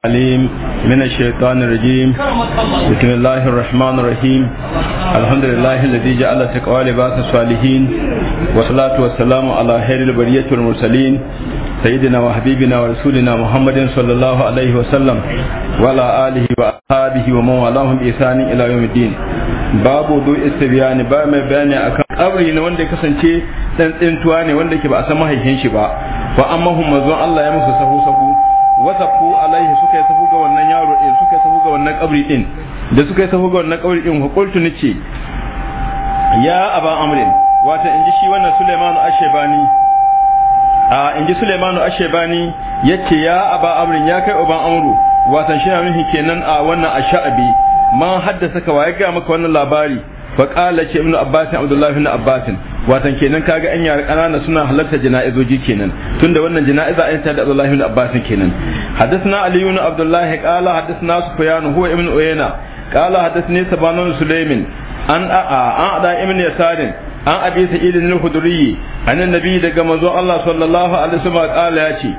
عليم من الشيطان الرجيم بسم الله الرحمن الرحيم الحمد لله الذي جعل التقوى لباس الصالحين والصلاة والسلام على خير البرية والمرسلين سيدنا وحبيبنا ورسولنا محمد صلى الله عليه وسلم وعلى آله وأصحابه ومن والاهم بإحسان إلى يوم الدين babu wudu istibiyani ba mai bayani akan kabri ne wanda ya kasance dan tsintuwa ne wanda ke ba a san mahaihin shi ba fa amma hum manzon Allah ya musu sahu sahu wasa lillahi suka yi sahu ga wannan yaro din eh, suka yi sahu ga wannan kabri din da suka yi sahu ga wannan kabri din hukultu nace ya aba amrin wato in ji shi wannan Sulaiman Ashebani a in ji Sulaiman Ashebani yace ya aba amrin ya kai uban amru wato shi na nufin kenan a wannan asha'abi man haddasa ka waye ga maka wannan labari fa qala ce ibnu abbas abdullahi ibn abbas watan kenan kaga an yara kanana suna halarta jana'izoji kenan tunda wannan jana'iza an tada da Abdullahi ibn Abbas kenan hadathna Ali ibn Abdullah qala hadathna Sufyan huwa ibn Uyayna qala hadathni Sabanun Sulaimin an a'a an ada ibn Yasar an abi sa'id al-khudri an annabi daga manzo Allah sallallahu alaihi wasallam qala ya ce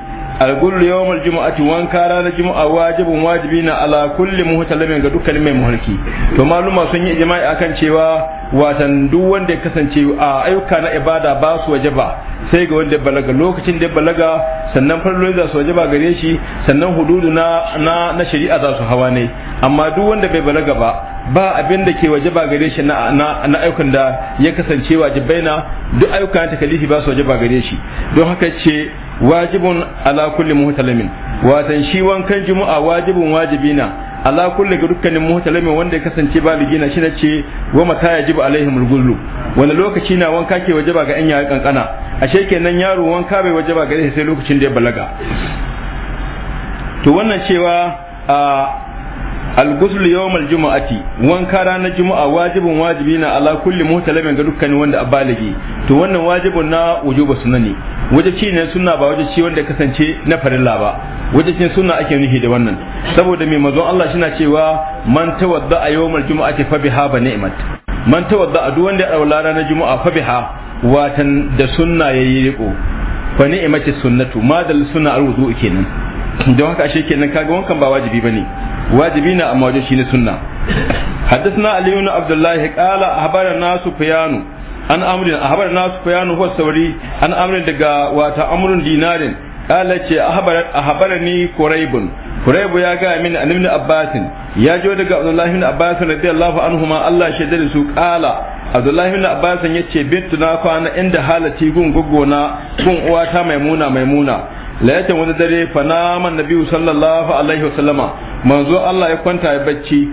al-gullu yawm al-jum'ati wan kara na jum'a wajibun wajibina ala kulli muhtalimin ga dukkan mai muhalki to maluma sun yi jama'i akan cewa watan duk wanda ya kasance a ayyuka na ibada ba su waje ba sai ga wanda balaga lokacin da balaga sannan farloli za su waje ba gare shi sannan hududu na na, na shari'a za su hawa ne amma duk wanda bai balaga ba ba abin da ke waje ba gare shi na na, ayyukan da ya kasance wajibai na duk ayyuka na takalifi ba su waje ba gare shi don haka ce wajibun ala kulli muhtalimin watan shi wankan juma'a wajibun wajibina ala kulli ga dukkanin muhtalimin wanda ya kasance baligi na shine ce wa mata yajibu alaihim alghullu wani lokaci na wanka ke wajaba ga yan yara kankana ashe kenan yaro wanka bai wajaba gare sai lokacin da ya balaga to wannan cewa al-ghusl yawm al-jum'ati wanka ranar juma'a wajibin wajibi na ala kulli muhtalamin ga dukkanin wanda abaligi to wannan wajibin na wujuba sunani wajibi ne sunna ba wajibi wanda kasance na farilla ba wajibi sunna ake nufi da wannan saboda mai mazo Allah na cewa man tawadda a yawmal jum'ati fa biha ba ni'mat man tawadda a duk wanda ya aula ranar juma'a fa biha watan da sunna yayi riko fa ni'mat sunnatu madal sunna al-wudu kenan don haka ashe kenan kaga wankan ba wajibi bane wajibi na amma wajen shine sunna حدثنا علي بن عبد الله قال أخبرنا سفيان عن أمر أخبرنا سفيان هو الثوري عن أمر دقا واتا أمر دينار قال أخبرت أخبرني قريب قريب يا جاء من أن ابن عباس يا جو دقا عبد الله بن عباس رضي الله عنهما الله شدد سوء قال عبد الله بن عباس يتشي بنتنا فأنا عند حالتي قم قبونا قم واتا ميمونة ميمونة layatan wani dare fanama nabi sallallahu alaihi wasallama manzo Allah ya kwanta ya bacci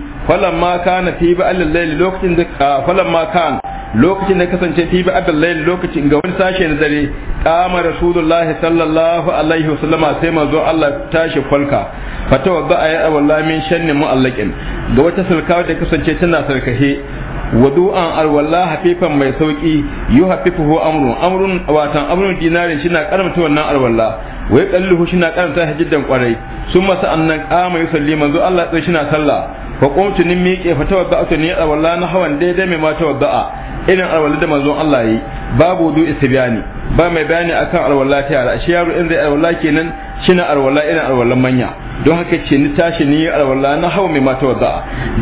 ma kana fi ba'al layl lokacin da ah, ma kan lokacin da kasance fi ba allal layin lokacin ga wani sashe na dare kama rasulullah sallallahu alaihi wasallama sai manzo Allah tashi falka fatawa ba a yi min shannin mu'allakin ga wata sulka da kasance tana sarkahe wadu'an alwala hafifan mai sauki yu hafifuhu amrun amrun watan amrun dinarin shina karamta wannan alwala wai kalluhu shina karamta hajjidan kwarai sun masa annan kama yusalli manzo Allah tsaye shina sallah fa qumtu nimmi miƙe fa tawadda'tu ni alwala na hawan daidai mai ma tawadda'a irin alwala da manzon Allah yi babu du istibyani ba mai bayani akan alwala ta yara shi yaro in zai alwala kenan shine alwala irin alwalan manya don haka ce ni tashi ni alwala na hawa mai mata wadda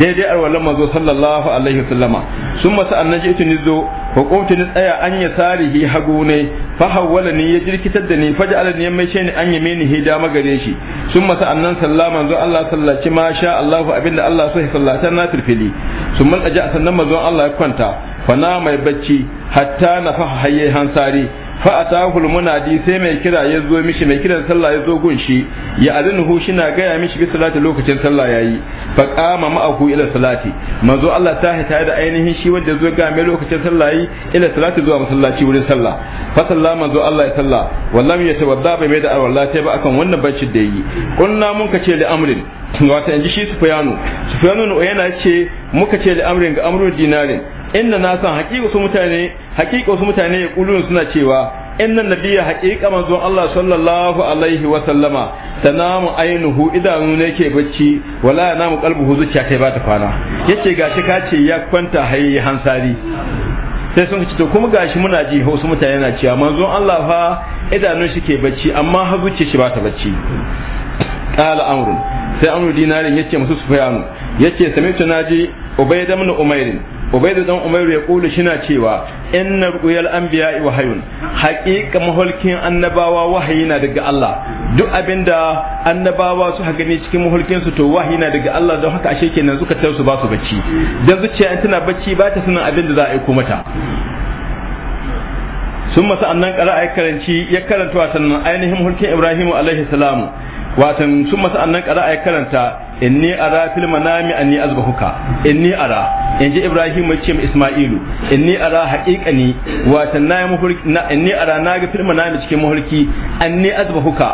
daidai alwalan manzo sallallahu alaihi wasallama sun masa annaji ita ni zo fa qumtu ni tsaya an ya sarihi hagu ne fa hawala ni ya jirkitar da ni fa ja'ala ni mai shi ni an ya ni hida magare shi sun masa annan sallama manzo Allah alaihi ma sha Allahu abinda Allah so ya sallata na turfili sun aja sannan manzo Allah ya kwanta fana mai bacci hatta na fa haye hansari fa atahul munadi sai mai kira ya zo mishi mai kiran sallah ya zo shi ya na shina gaya mishi bi salati lokacin sallah yayi fa qama ma'ahu ila salati manzo Allah ta hita da ainihin shi wanda zo ga mai lokacin sallah yayi ila salati zuwa masallaci wurin sallah fa sallama manzo Allah ya salla wallam ya tawadda bai mai da alwala sai ba akan wannan bacci da yi kunna mun ka ce li amrin wato in ji shi sufyanu sufyanu yana ce muka ce li amrin ga amrul dinarin inda na san haƙiƙa su mutane haƙiƙa su mutane ya kulun suna cewa inna nabiya haƙiƙa manzon Allah sallallahu alaihi wa sallama tanamu ainihu idanu ne ke bacci wala namu qalbuhu zuciya kai ba ta kwana yace gashi ka ce ya kwanta hayi hansari sai sun ce to kuma gashi muna ji wasu mutane na cewa manzon Allah fa idanun shi ke bacci amma ha zuciya shi ba ta bacci qala amrun sai amru dinarin yace musu su fayanu yace sami tunaji ubayd ibn umairin ubaidu dan umairu ya kula shina cewa inna ruqyal anbiya wahayun haqiqa mahulkin annabawa wahyi na daga Allah duk abinda annabawa su haka ne cikin mahulkin su to wahyi na daga Allah don haka ashe kenan suka tayar su ba su bacci dan zuciya in tana bacci ba ta sanin abinda za a aiko mata sun masa annan qara'a ya karanci ya karanta wa sannan ainihin hulkin Ibrahim alaihi salamu watan sun masa annan qara'a ya karanta inni ara fil manami anni azbahuka inni ara inji ibrahim ya ce ma isma'ilu inni ara haqiqani watan na mafarki na inni ara na ga fil manami cikin mafarki anni azbahuka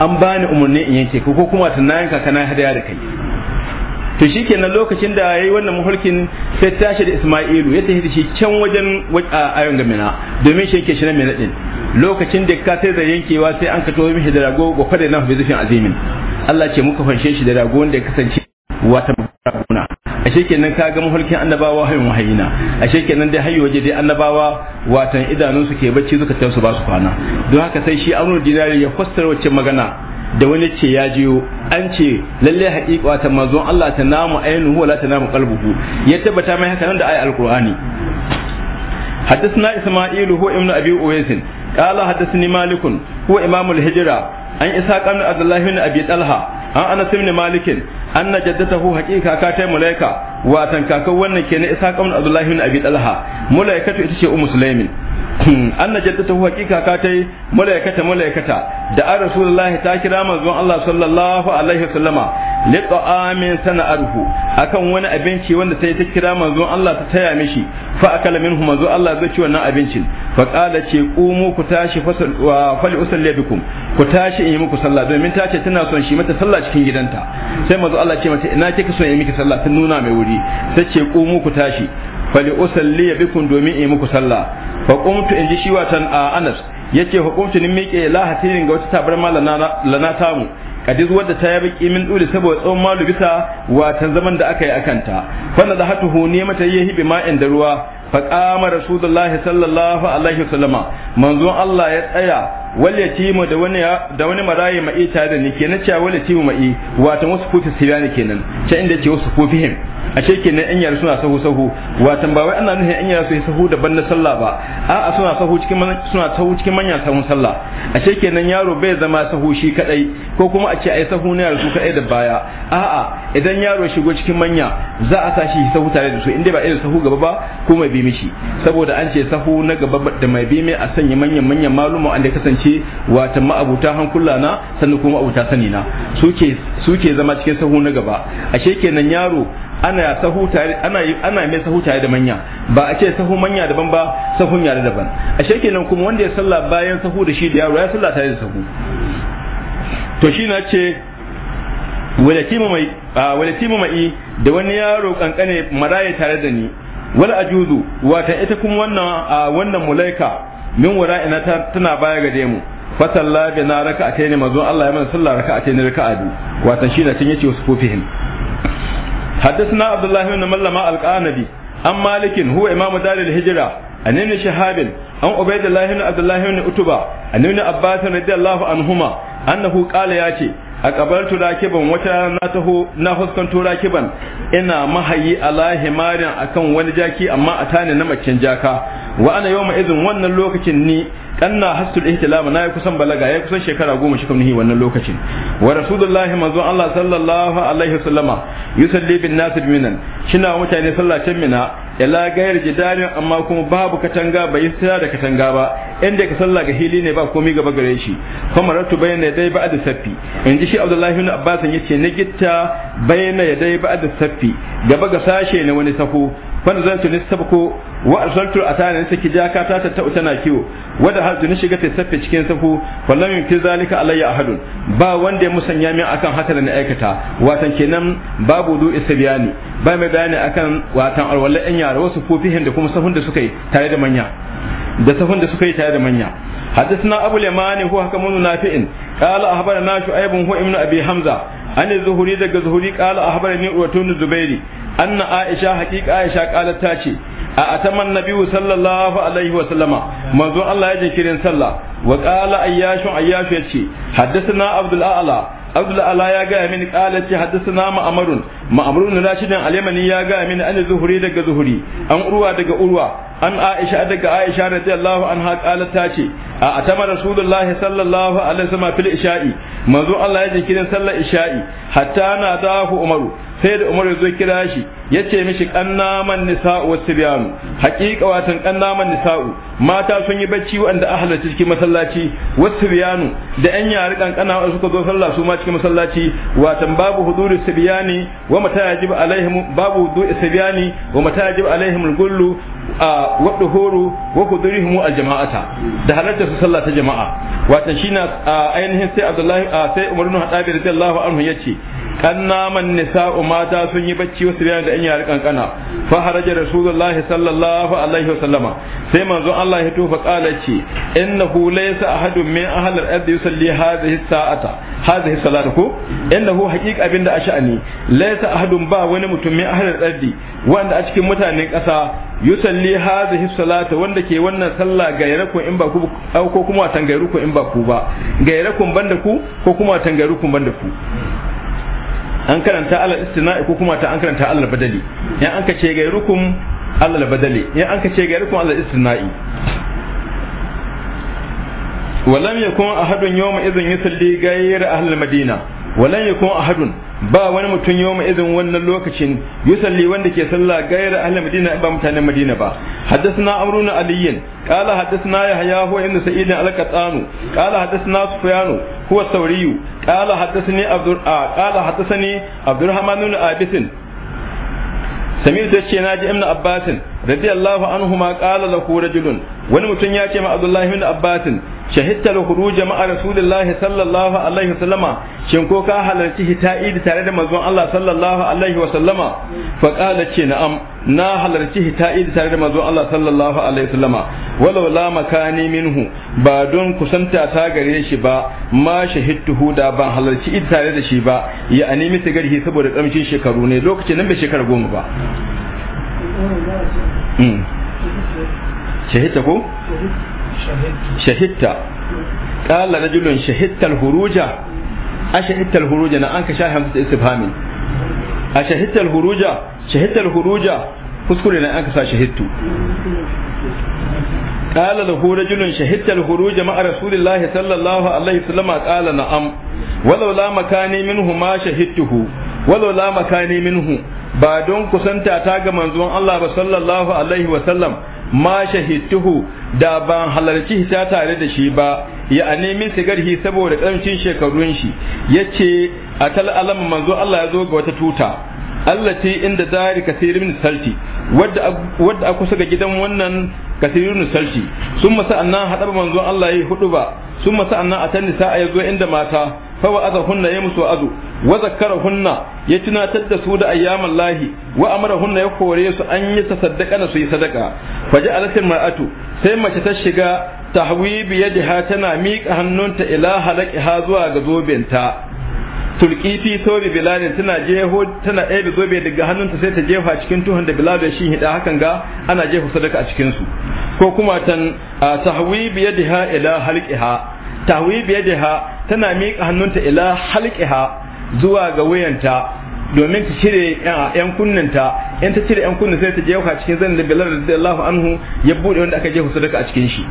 an bani umurni in yanke ko kuma watan na yanka kana hadaya da kai to shikenan lokacin da yayi wannan mafarkin sai tashi da isma'ilu ya tafi shi can wajen ayon gamina domin shi yake shi na mai nadin lokacin da ka sai da yankewa sai an ka to mishi da rago gofa da nan bi zufin azimin Allah ce muka fanshe shi da rago wanda ya kasance wata raguna ashe nan ka ga mafarkin annabawa hayin wahayina ashe kenan dai hayi waje dai annabawa watan idanunsu ke bacci suka tausu ba su kwana don haka sai shi amru dinari ya fassara wacce magana da wani ce ya jiyo an ce lalle haƙiƙa ta manzon Allah ta namu ainihu wala ta namu qalbuhu ya tabbata mai haka nan da ayi alqur'ani حدثنا إسماعيل هو ابن أبي أويس قال حدثني مالك هو إمام الهجرة an isa ibn abdullahi ibn abi talha an anas ibn malik anna jaddatahu haqiqa ka tay malaika wa tan kakan wannan kenan isa ibn abdullahi ibn abi talha malaikatu ita ce ummu sulaimin anna jaddatahu haqiqa ka tai malaikata malaikata da a rasulullahi ta kira manzon Allah sallallahu alaihi wasallama amin sana arhu akan wani abinci wanda sai ta kira manzo Allah ta taya mishi fa akala minhu manzo Allah zai ci wannan abincin fa qala ce qumu ku tashi fali usalli bikum ku tashi in yi muku sallah domin ta ce tana son shi mata sallah cikin gidanta sai manzo Allah ce mata ina kika son yi miki sallah ta nuna mai wuri sai ce qumu ku tashi fali usalli bikum domin in yi muku sallah fa qumtu in ji shi watan Anas yace hukumtu ni miƙe la hatirin ga wata tabar malana lana tamu kadiz wadda ta yabaki min dole saboda tsawon malu bisa watan zaman da aka yi akanta fanda da hatuhu ne mata yi hibi ma'in da ruwa faƙama rasulullahi sallallahu alaihi wasallama manzo Allah ya tsaya wal yatimu da wani da wani marayi mai tare da ni kenan cewa wal yatimu mai wato wasu kufi sirani kenan ta inda ce wasu him ashe kenan yan yara suna sahu sahu watan ba wai ana nufin yan yara su yi sahu daban na sallah ba a'a suna sahu cikin suna sahu cikin manyan sahun sallah ashe kenan yaro bai zama sahu shi kadai ko kuma a ce ai sahu ne yaro su kadai da baya a'a idan yaro shigo cikin manya za a sa shi sahu tare da su inda ba irin sahu gaba ba ko mai bi mishi saboda an ce sahu na gaba da mai bi mai a sanya manyan manyan maluma da kasance watan ma'abuta hankula na sannan kuma abuta sani na suke suke zama cikin sahu na gaba ashe kenan yaro ana sahu tare ana ana mai sahu tare da manya ba a ce sahu manya daban ba sahun yare daban a nan kuma wanda ya salla bayan sahu da shi da yaro ya salla tare da sahu to shi na ce walatimu ma'i da wani yaro kankane maraye tare da ni wala ajuzu wata ita kuma wannan wannan mulaika min wara ina tana baya gare mu fa salla na raka'a ne mazo Allah ya mana sallah raka'a ne raka'a biyu wata shi na cin yace wasufufihim حدثنا عبد الله بن ملما القانبي عن مالك هو إمام دار الهجرة عن ابن شهاب عن عبيد الله بن عبد الله بن أتبة عن ابن عباس رضي الله عنهما أنه قال ياتي أقبلت راكبا وتراته ناهزكنت راكبا إنا مهي على همار أكن ونجاكي أما أتاني نمكين جاكا wa ana yawma idhin wannan lokacin ni kanna hasul ihtilama na kusan balaga ya kusan shekara goma shi kamni wannan lokacin wa rasulullahi manzo Allah sallallahu alaihi wasallama yusalli bin nas minan shina mutane sallah can mina ila gayar jidalin amma kuma babu katanga bai sa da katanga ba inda ka sallah ga hili ne ba komai gaba gare shi kuma ratu bayyana dai ba da saffi in ji shi Abdullahi ibn Abbas yace na gitta bayyana dai ba da saffi gaba ga sashe ne wani safu fanzantu ni sabko wa arsaltu atana ni saki jaka ta ta tana kiwo wada hadu ni shiga ta saffe cikin safu wallam yumti zalika alayya ahadun ba wanda ya musanya min akan haka da na aikata watan kenan babu du isbiyani ba mai bayani akan watan alwala yan yara wasu fofihin da kuma safun da suka yi tare da manya da safun da suka yi tare da manya حدثنا أبو اليمان هو حكم نافع قال أخبرنا شعيب هو ابن أبي حمزة عن الزهري دق الزهري قال أخبرني أوتون الزبيري anna aisha haqiqa aisha qalat ta ce a ataman nabiyyu sallallahu alaihi wa sallama manzo Allah ya jinkirin sallah wa qala ayyashu ayyashu yace haddathana abdul a'la abdul a'la ya gaya mini qala ce haddathana ma'amarun ma'amarun rashidin alimani ya gaya mini an zuhuri daga zuhuri an urwa daga urwa an aisha daga aisha radiyallahu anha qalat ta ce a atama rasulullahi sallallahu alaihi wasallam fil isha'i manzo Allah ya jinkirin sallar isha'i hatta na umaru sai da Umar zo kira shi yace mishi kannaman nisa'u wasbiyanu haqiqa watan kannaman nisa'u mata sun yi bacci wanda ahla cikin masallaci wasbiyanu da yan yare kankana suka zo sallah su ma cikin masallaci watan babu huduri sibiyani wa mata yajib alaihim babu huduri sibiyani wa mata yajib alaihim al-gullu wa duhuru wa hudurihim al-jama'ata da halarta su sallah ta jama'a watan shine ainihin sai Abdullahi sai Umar bin Hadabi radiyallahu anhu yace an naman nisa'u mata sun yi bacci wasu bayan da an yi kankana fa haraja rasulullahi sallallahu alaihi sallama sai manzo Allah ya tofa kala ce innahu laysa ahadun min ahli al-ardi yusalli hadhihi sa'ata hadhihi salatu ko innahu haqiqa abinda a sha'ani laysa ahadun ba wani mutum min ahli al-ardi wanda a cikin mutanen ƙasa yusalli hadhihi salata wanda ke wannan sallah gairakun in ba ku ko kuma ku in ba ku ba gairakun banda ku ko kuma ku banda ku an karanta alal istina'i ko kuma ta an karanta alal badali in an ka ce rukum alal badali in an ka ce rukum alal istina'i walam yakun ahadun yawma idhin yusalli ghayr ahli المدينة walam yakun ahadun ba wani mutum yawma idhin wannan lokacin yusalli wanda ke sallah ghayr ahli madina ba mutanen madina ba haddathna amruna aliyin qala haddathna yahya huwa ibn Sa'idan al-qatanu qala haddathna sufyanu هو الثوري قال حدثني عبد آه قال حدثني عبد الرحمن بن عابس سمعت يشي ناجي ابن عباس رضي الله عنهما قال له رجل وني متن يا ما عبد الله بن عباس shahidta al jama'a ma'a rasulillahi sallallahu alaihi wasallama shin ko ka halarci idi tare da manzon Allah sallallahu alaihi wasallama fa qala ce na'am na halarci idi tare da manzon Allah sallallahu alaihi wasallama walau la makani minhu ba don kusanta ta gare shi ba ma shahidtuhu da ban halarci tare da shi ba ya animi sigarhi saboda kamshin shekaru ne lokacin nan bai shekara goma ba hmm. shahidta ko shahidta qala rajulun shahidta al-huruja ashahidta al-huruja na an ka sha hamsa istifhamin ashahidta al-huruja shahidta huruja kuskure an ka sa قال له رجل شهدت الخروج مع رسول الله صلى الله عليه وسلم قال نعم ولولا مكاني منه ما شهدته ولولا مكاني منه ba don kusanta ta ga manzon Allah ba sallallahu alaihi wa sallam ma shahidtuhu da ban halarci ta tare da shi ba ya ane min sigarhi saboda karamcin shekarun shi yace atal alam manzo Allah ya zo ga wata tuta Allah ce inda dari kasirin salti wadda wadda aku ga gidan wannan kasirin salti masa sa'annan hadaba manzo Allah yi hudu ba masa sa'annan atan sa'a ya zo inda mata fa wa azahunna ya musu azu wa zakkarahunna ya tunatar da su da ayyaman lahi wa amarahunna ya kore su an yi tasaddaka na su yi sadaka fa alatin mar'atu sai mace ta shiga tahwibi bi ha tana miƙa hannunta ila ha zuwa ga zobenta turki fi sori bilalin tana jeho tana ɗaya zobe daga hannunta sai ta jefa cikin tuhun da bilal da shi hida hakan ga ana jefa sadaka a cikin su ko kuma tan tahwibi bi ha ila halqiha tahwibi bi ha tana miƙa hannunta ila ha. zuwa ga wuyanta domin ta cire yan kunnanta in ta cire yan kunnan sai ta jefa cikin zan da bilal radiyallahu anhu ya bude wanda aka jefa sadaka a cikin shi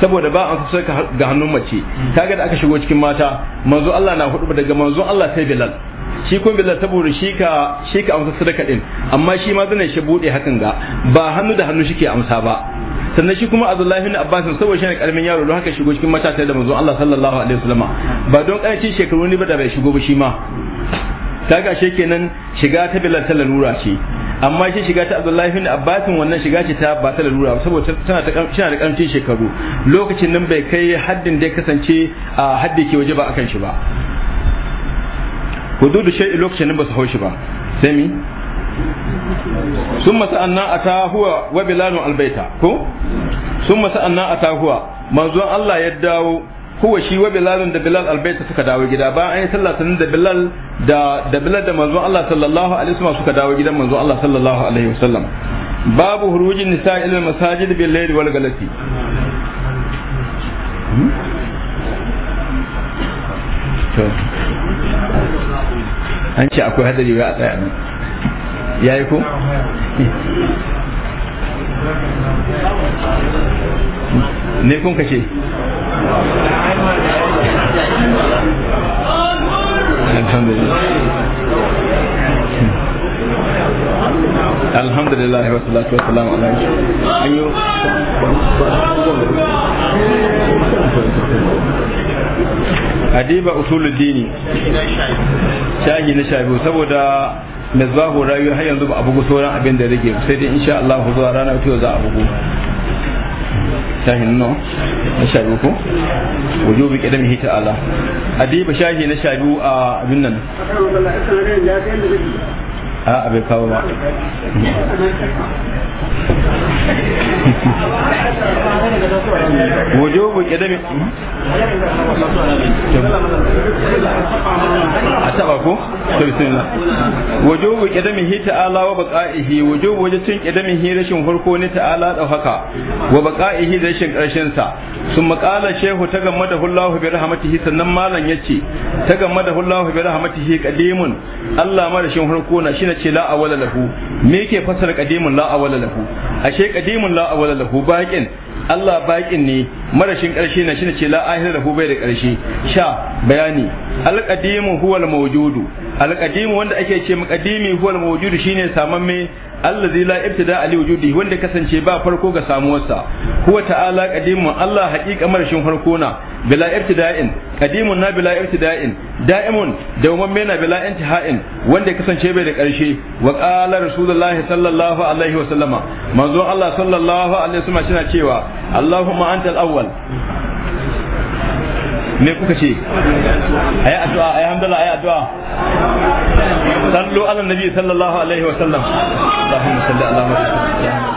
saboda ba an sadaka ga hannun mace kaga da aka shigo cikin mata manzo Allah na hudu daga manzo Allah sai bilal shi kun bilal saboda shi ka shi ka amsa sadaka din amma shi ma zan shi bude hakan ga ba hannu da hannu shike amsa ba sannan shi kuma Abdullahi ibn Abbas saboda shi ne karamin yaro don haka shigo cikin matasa da manzo Allah sallallahu alaihi wasallam ba don karancin shekaru ne ba da bai shigo ba shi ma kaga shi kenan shiga ta bilal ta ce amma shi shiga ta Abdullahi ibn Abbas wannan shiga ce ta ba ta saboda tana ta tana da karamin shekaru lokacin nan bai kai haddin da ya kasance a haddi ke waje ba akan shi ba hududu shay'i lokacin nan ba su haushi ba sai mi sun masa annan a tahuwa wa bilalun albaita ko sun masa annan a tahuwa manzon Allah ya dawo huwa shi wa bilalun da bilal albaita suka dawo gida ba an yi sallah sanin da bilal da da bilal da manzon Allah sallallahu alaihi wasallam suka dawo gidan manzon Allah sallallahu alaihi wasallam babu hurujin nisa ila masajid bil layl wal galati hmm? an ce akwai hadari ga a tsaya nan ya yi ko? ne kun kace alhamdulillah wa salatu wa salam ala adiba usulul dini shahi na shahi saboda misbahu rayu har yanzu ba a bugu sauran abin da rage sai dai insha Allah zuwa rana ta za a bugu shahin no na sha biyu ko wajo bi kidan hita ala adiba shahi na sha a abin nan a abai kawo ba wujubu kidami a taba ko to bismillah wujubu kidamihi ta'ala wa baqa'ihi wujubu wajin kidamihi rashin farko ne ta'ala da haka wa baqa'ihi da rashin karshen sa sun makala shehu ta gamma da hullahu bi rahmatihi sannan malam yace ta gamma da hullahu bi rahmatihi qadimun Allah marashin farko na shine ce la awala lahu me yake fasara qadimun la awala lahu ashe qadimun la awala lahu baqin Allah baqin ne marashin karshe na shine ce la ahira lahu bai da karshe sha bayani al qadimu huwa al mawjudu al qadimu wanda ake ce muqaddimi huwa al mawjudu shine samamme allazi la ibtida ali wujudi wanda kasance ba farko ga samuwarsa huwa ta'ala qadimun Allah haqiqa marashin farko na bila ibtida'in qadimun na bila ibtida'in da dawwamme na bila intiha'in wanda kasance bai da karshe wa qala sallallahu alaihi wa sallama manzo Allah sallallahu alaihi wa sallama yana cewa Allahumma antal me kuka ce ayi addu'a ayi ayi addu'a sallu ala nabi sallallahu alaihi wa sallam Allahumma salli ala muhammad